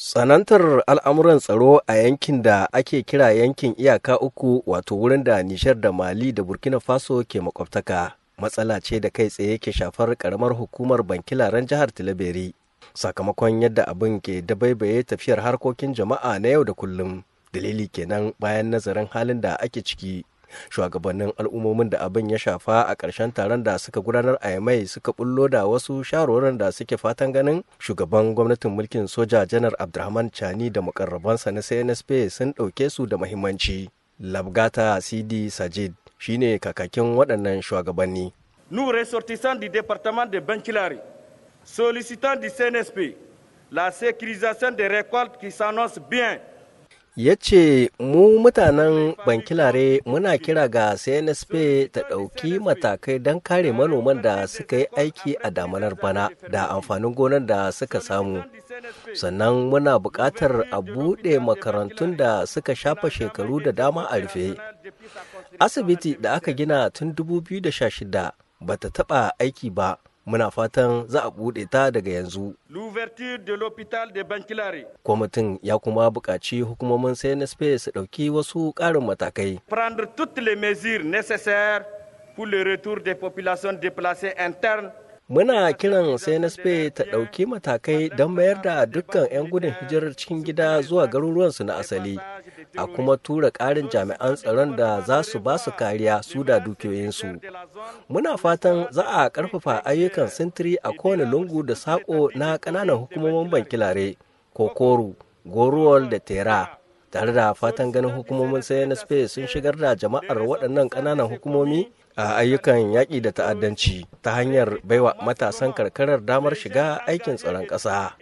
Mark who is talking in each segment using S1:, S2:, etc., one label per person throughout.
S1: Tsanantar al'amuran tsaro a yankin da ake kira yankin iyaka uku wato wurin da Nishar da Mali da Burkina Faso ke makwabtaka matsala ce da kai tsaye ke shafar karamar hukumar laren jihar Tilaberi sakamakon yadda abin ke dabaibaye tafiyar harkokin jama'a na yau da kullum. Dalili kenan bayan nazarin halin da ake ciki shugabannin al'ummomin da abin ya shafa a ƙarshen taron da suka gudanar a yamai suka bullo da wasu sharorin da suke fatan ganin shugaban gwamnatin mulkin soja janar abdulrahman chani da mukarrabansa na cnsp sun ɗauke su da muhimmanci labgata sidi sajid shine kakakin waɗannan shugabanni
S2: Nu ressortissants du département de Benchilari, sollicitant du CNSP la sécurisation des récoltes qui s'annonce bien
S1: ya ce mu mutanen bankilare muna kira ga cnsp ta ɗauki matakai don kare manoman da suka yi aiki a damanar bana da amfanin gonar da suka samu sannan muna buƙatar a buɗe makarantun da suka shafa shekaru da dama a rufe asibiti da aka gina tun 2016 ta taɓa aiki ba muna fatan za a buɗe ta daga yanzu.
S2: L'ouverture de l'hôpital de Bankilare.
S1: Kwamitin ya kuma buƙaci hukumomin CNSP su ɗauki wasu ƙarin matakai.
S2: Prendre toutes les mesures nécessaires pour le retour des populations déplacées internes
S1: muna kiran cnsp ta ɗauki matakai don mayar da dukkan 'yan gudun hijirar cikin gida zuwa garuruwansu na asali a kuma tura ƙarin jami'an tsaron da za su ba su kariya su da dukiyoyinsu muna fatan za a ƙarfafa ayyukan sintiri a kowane lungu da saƙo na ƙananan hukumomin bankilare kokoro goruwal da tera tare da fatan ganin hukumomin na space sun shigar da jama'ar waɗannan ƙananan hukumomi a ayyukan yaƙi da ta'addanci ta hanyar baiwa matasan karkarar damar shiga aikin tsaron ƙasa.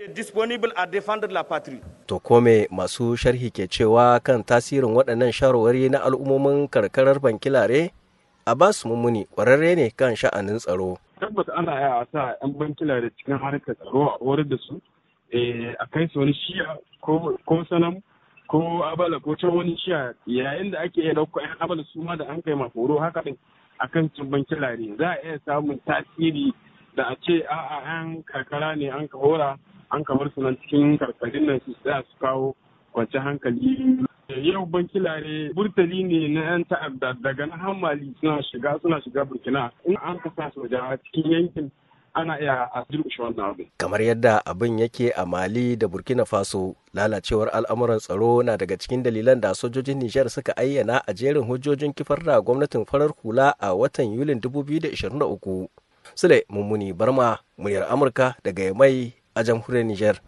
S1: To kome masu sharhi ke cewa kan tasirin waɗannan shawarwari na al'ummomin karkarar bankilare? su Mummuni ƙwararre ne kan sha'anin tsaro.
S3: Tabbata ana ya a sa 'yan bankilare cikin harkar tsaro a horar da su eh, a kai su wani shiya ko sanamu ko abala ko can wani shiya yayin da ake iya ɗauka yan abala su ma da an kai maforo haka din akan cimban kilare za a iya samun tasiri da a ce a'a 'yan karkara ne an ka hora an kamar su nan cikin karkarin nan su sai su kawo kwanci hankali yau bankilare burtali ne na yan ta'adda daga na hammali suna shiga suna shiga burkina in an kasa soja cikin yankin ana iya a durkushe wannan abin.
S1: Kamar yadda abin yake a Mali da Burkina Faso, lalacewar al'amuran tsaro na daga cikin dalilan da sojojin Nijar suka ayyana a jerin hujjojin kifar da gwamnatin farar kula a watan Yulin 2023. Sule Mummuni Barma, muryar Amurka daga mai a jamhuriyar Nijar.